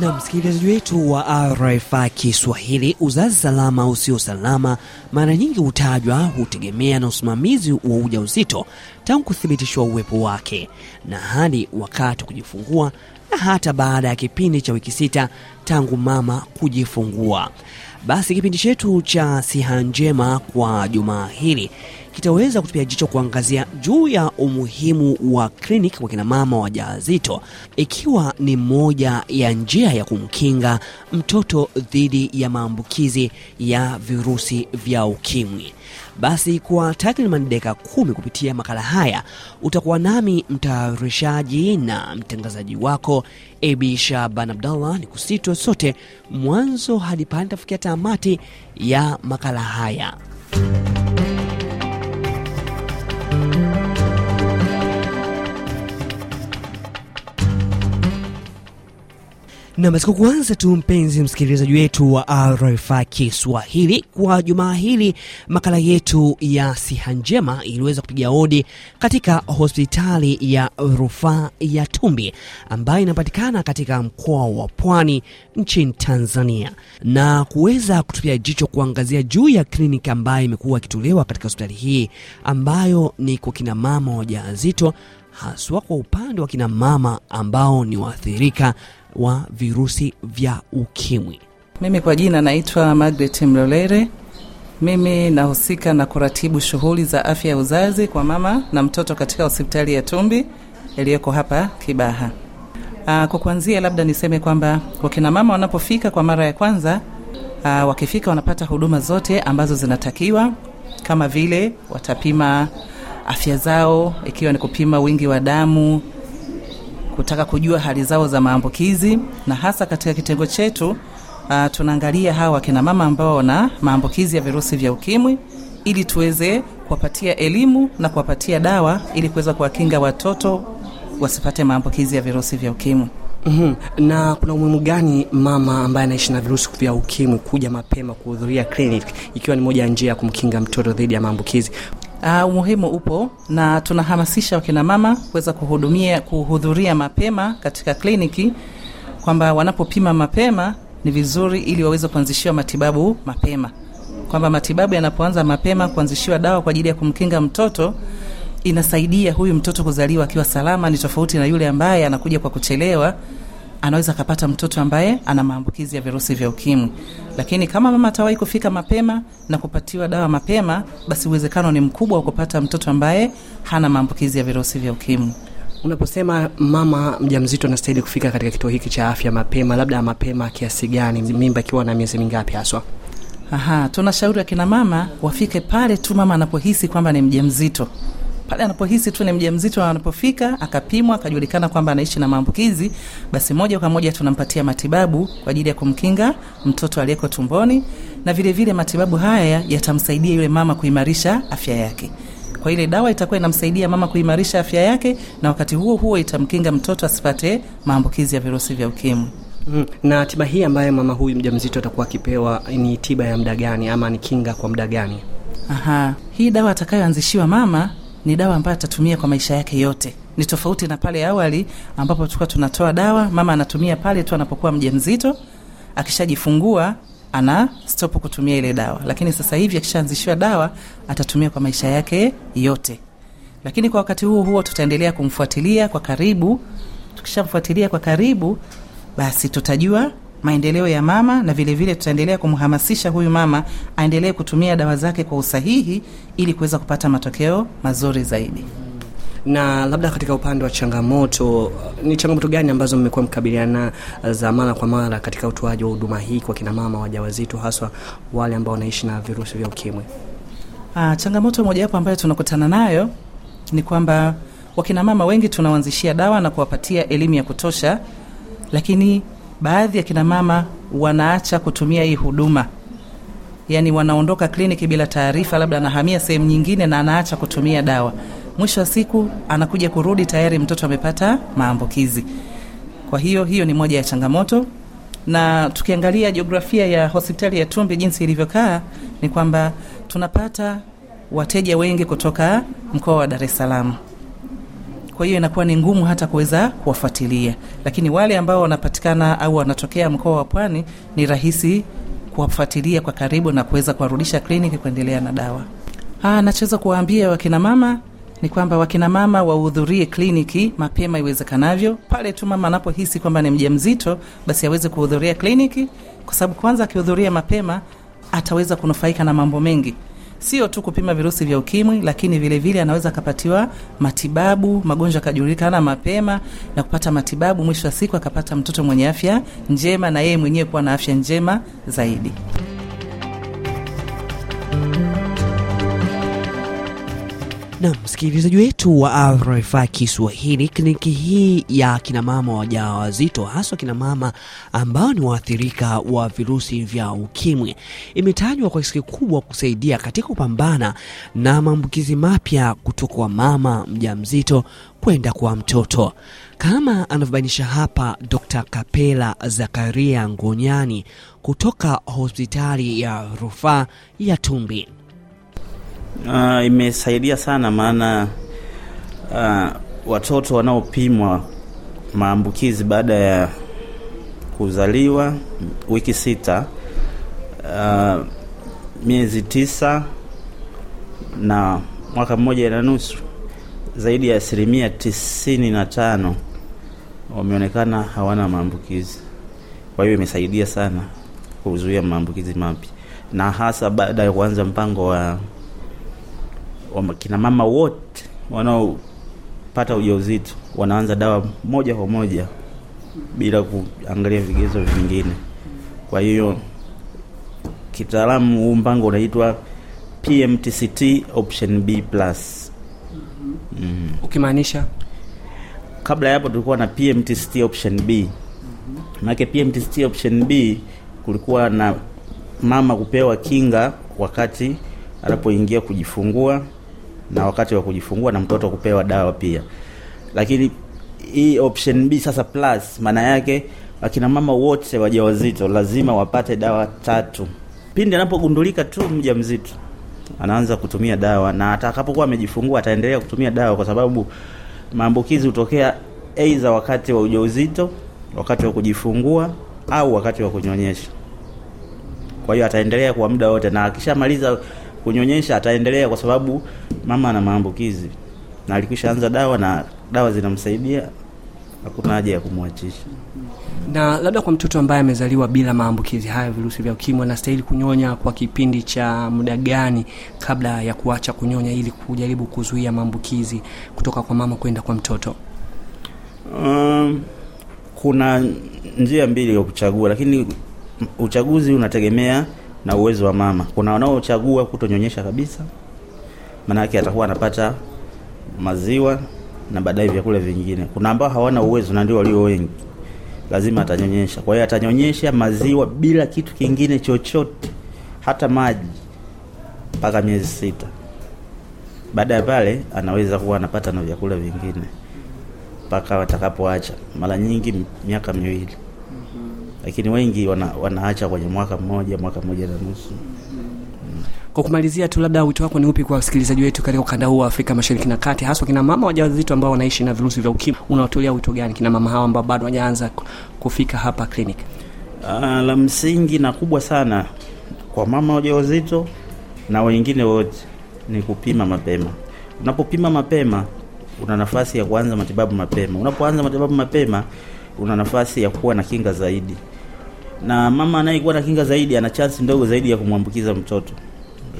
Na msikilizaji wetu wa rfa Kiswahili, uzazi salama usio salama mara nyingi hutajwa hutegemea na usimamizi wa uja uzito tangu kuthibitishwa uwepo wake na hadi wakati wa kujifungua hata baada ya kipindi cha wiki sita tangu mama kujifungua. Basi kipindi chetu cha siha njema kwa jumaa hili kitaweza kutupia jicho kuangazia juu ya umuhimu wa klinik kwa kina mama wajawazito, ikiwa ni moja ya njia ya kumkinga mtoto dhidi ya maambukizi ya virusi vya UKIMWI. Basi kwa takriban dakika kumi kupitia makala haya utakuwa nami mtayarishaji na mtangazaji wako Abi Shaban Abdallah, ni kusitwa sote mwanzo hadi pale tafikia tamati ya makala haya. Nam katika kuanza tu, mpenzi msikilizaji wetu wa RFI Kiswahili, kwa jumaa hili makala yetu ya siha njema iliweza kupiga odi katika hospitali ya rufaa ya Tumbi ambayo inapatikana katika mkoa wa Pwani nchini Tanzania, na kuweza kutupia jicho kuangazia juu ya kliniki ambayo imekuwa ikitolewa katika hospitali hii ambayo ni kwa kina mama wajawazito haswa kwa upande wa kina mama ambao ni waathirika wa virusi vya ukimwi. Mimi kwa jina naitwa Margaret Mlolere. Mimi nahusika na kuratibu shughuli za afya ya uzazi kwa mama na mtoto katika hospitali ya Tumbi iliyoko hapa Kibaha. Aa, ah, kwa kuanzia labda niseme kwamba wakina mama wanapofika kwa mara ya kwanza aa, ah, wakifika wanapata huduma zote ambazo zinatakiwa kama vile watapima afya zao, ikiwa ni kupima wingi wa damu, kutaka kujua hali zao za maambukizi, na hasa katika kitengo chetu uh, tunaangalia hawa wakina mama ambao wana maambukizi ya virusi vya ukimwi ili tuweze kuwapatia elimu na kuwapatia dawa ili kuweza kuwakinga watoto wasipate maambukizi ya virusi vya ukimwi. Mm -hmm. Na kuna umuhimu gani mama ambaye anaishi na virusi vya ukimwi kuja mapema kuhudhuria kliniki ikiwa ni moja ya njia ya kumkinga mtoto dhidi ya maambukizi? Uh, umuhimu upo na tunahamasisha wakina mama kuweza kuhudumia kuhudhuria mapema katika kliniki, kwamba wanapopima mapema ni vizuri, ili waweze kuanzishiwa matibabu mapema, kwamba matibabu yanapoanza mapema, kuanzishiwa dawa kwa ajili ya kumkinga mtoto inasaidia huyu mtoto kuzaliwa akiwa salama, ni tofauti na yule ambaye anakuja kwa kuchelewa anaweza akapata mtoto ambaye ana maambukizi ya virusi vya ukimwi. Lakini kama mama atawahi kufika mapema na kupatiwa dawa mapema, basi uwezekano ni mkubwa wa kupata mtoto ambaye hana maambukizi ya virusi vya ukimwi. Unaposema mama mjamzito anastahili kufika katika kituo hiki cha afya mapema, labda mapema kiasi gani? Mimba ikiwa na miezi mingapi haswa? Aha, tunashauri akina mama wafike pale tu mama anapohisi kwamba ni mjamzito pale anapohisi tu ni mjamzito, anapofika akapimwa, akajulikana kwamba anaishi na maambukizi, basi moja kwa moja tunampatia matibabu kwa ajili ya kumkinga mtoto aliyeko tumboni, na vile vile matibabu haya yatamsaidia yule mama kuimarisha afya yake. Kwa ile dawa itakuwa inamsaidia mama kuimarisha afya yake, na wakati huo huo itamkinga mtoto asipate maambukizi ya virusi vya ukimwi. Mm. Na tiba hii ambayo mama huyu mjamzito atakuwa akipewa ni tiba ya muda gani ama ni kinga kwa muda gani? Aha. Hii dawa atakayoanzishiwa mama ni dawa ambayo atatumia kwa maisha yake yote. Ni tofauti na pale awali ambapo tulikuwa tunatoa dawa, mama anatumia pale tu anapokuwa mjamzito, akishajifungua ana stop kutumia ile dawa, lakini sasa hivi akishaanzishiwa dawa atatumia kwa maisha yake yote. Lakini kwa wakati huo huo tutaendelea kumfuatilia kwa karibu. Tukishamfuatilia kwa karibu, basi tutajua maendeleo ya mama, na vilevile tutaendelea kumhamasisha huyu mama aendelee kutumia dawa zake kwa usahihi ili kuweza kupata matokeo mazuri zaidi. Na labda katika upande wa changamoto, ni changamoto gani ambazo mmekuwa mkabiliana eh, za mara kwa mara katika utoaji wa huduma hii kwa kinamama wajawazito, haswa wale ambao wanaishi na virusi vya ukimwi? Ah, changamoto mojawapo ambayo tunakutana nayo ni kwamba wakinamama wengi tunawanzishia dawa na kuwapatia elimu ya kutosha, lakini baadhi ya kinamama wanaacha kutumia hii huduma yani wanaondoka kliniki bila taarifa, labda anahamia sehemu nyingine na anaacha kutumia dawa. Mwisho wa siku anakuja kurudi tayari mtoto amepata maambukizi. Kwa hiyo hiyo ni moja ya changamoto, na tukiangalia jiografia ya hospitali ya Tumbi jinsi ilivyokaa, ni kwamba tunapata wateja wengi kutoka mkoa wa Dar es Salaam kwa hiyo inakuwa ni ngumu hata kuweza kuwafuatilia, lakini wale ambao wanapatikana au wanatokea mkoa wa Pwani ni rahisi kuwafuatilia kwa karibu na kuweza kuwarudisha kliniki kuendelea na dawa. anachoweza ah, kuwaambia wakinamama ni kwamba wakinamama wahudhurie kliniki mapema iwezekanavyo. Pale tu mama anapohisi kwamba ni mja mzito basi aweze kuhudhuria kliniki, kwa sababu kwanza akihudhuria mapema ataweza kunufaika na mambo mengi sio tu kupima virusi vya ukimwi, lakini vilevile vile anaweza akapatiwa matibabu, magonjwa akajulikana mapema na kupata matibabu, mwisho wa siku akapata mtoto mwenye afya njema na yeye mwenyewe kuwa na afya njema zaidi. na msikilizaji wetu wa RFI Kiswahili, kliniki hii ya kinamama wajawazito, haswa kinamama ambao ni waathirika wa virusi vya ukimwi, imetajwa kwa kiasi kikubwa kusaidia katika kupambana na maambukizi mapya kutoka kwa mama mjamzito kwenda kwa mtoto, kama anavyobainisha hapa Dr. Kapela Zakaria Ngonyani kutoka hospitali ya rufaa ya Tumbi. Uh, imesaidia sana maana uh, watoto wanaopimwa maambukizi baada ya kuzaliwa wiki sita, uh, miezi tisa na mwaka mmoja na nusu, zaidi ya asilimia tisini na tano wameonekana hawana maambukizi. Kwa hiyo imesaidia sana kuzuia maambukizi mapya, na hasa baada ya kuanza mpango wa wakina mama wote wanaopata ujauzito wanaanza dawa moja kwa moja bila kuangalia vigezo vingine. Kwa hiyo kitaalamu huu mpango unaitwa PMTCT option B plus. Mm. Ukimaanisha kabla ya hapo tulikuwa na PMTCT option B. Maana PMTCT option B kulikuwa na mama kupewa kinga wakati anapoingia kujifungua na wakati wa kujifungua na mtoto kupewa dawa pia lakini hii option b sasa plus maana yake akina mama wote wajawazito lazima wapate dawa tatu pindi anapogundulika tu mja mzito anaanza kutumia dawa na atakapokuwa amejifungua ataendelea kutumia dawa kwa sababu maambukizi hutokea aidha wakati wa ujauzito wakati wa kujifungua au wakati wa kunyonyesha kwa hiyo ataendelea kwa muda wote na akishamaliza kunyonyesha ataendelea kwa sababu mama ana maambukizi na alikwisha anza dawa na dawa zinamsaidia, hakuna haja ya kumwachisha. Na labda kwa mtoto ambaye amezaliwa bila maambukizi haya virusi vya ukimwi, anastahili kunyonya kwa kipindi cha muda gani kabla ya kuacha kunyonya ili kujaribu kuzuia maambukizi kutoka kwa mama kwenda kwa mtoto? Um, kuna njia mbili ya kuchagua, lakini uchaguzi unategemea na uwezo wa mama. Kuna wanaochagua kutonyonyesha kabisa maanake atakuwa anapata maziwa na baadaye vyakula vingine. Kuna ambao hawana uwezo na ndio walio wengi, lazima atanyonyesha. Kwa hiyo atanyonyesha maziwa bila kitu kingine chochote, hata maji mpaka miezi sita. Baada ya pale anaweza kuwa anapata na vyakula vingine mpaka watakapoacha, mara nyingi miaka miwili, mhm. lakini wengi wana, wanaacha kwenye mwaka mmoja, mwaka mmoja na nusu. Kwa kumalizia tu, labda wito wako ni upi kwa wasikilizaji wetu katika ukanda huu wa Afrika Mashariki na Kati, hasa kina mama wajawazito ambao wanaishi na virusi vya ukimwi? unaotolea wito gani kina mama hawa ambao bado hawajaanza kufika hapa kliniki? Uh, ah, la msingi na kubwa sana kwa mama wajawazito na wengine wote ni kupima mapema. Unapopima mapema, una nafasi ya kuanza matibabu mapema. Unapoanza matibabu mapema, una nafasi ya kuwa na kinga zaidi, na mama anayekuwa na kinga zaidi ana chansi ndogo zaidi ya kumwambukiza mtoto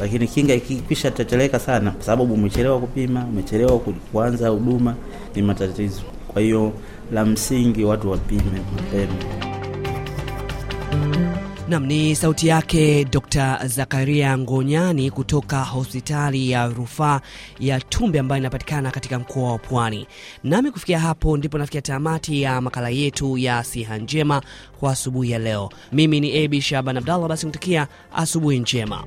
lakini kinga ikikwisha teteleka sana, kwa sababu umechelewa kupima, umechelewa kuanza huduma, ni matatizo. Kwa hiyo la msingi watu wapime mapema. Nam ni sauti yake Dr. Zakaria Ngonyani kutoka hospitali ya rufaa ya Tumbe ambayo inapatikana katika mkoa wa Pwani. Nami kufikia hapo ndipo nafikia tamati ya makala yetu ya siha njema kwa asubuhi ya leo. Mimi ni Abi Shaban Abdallah, basi kutakia asubuhi njema.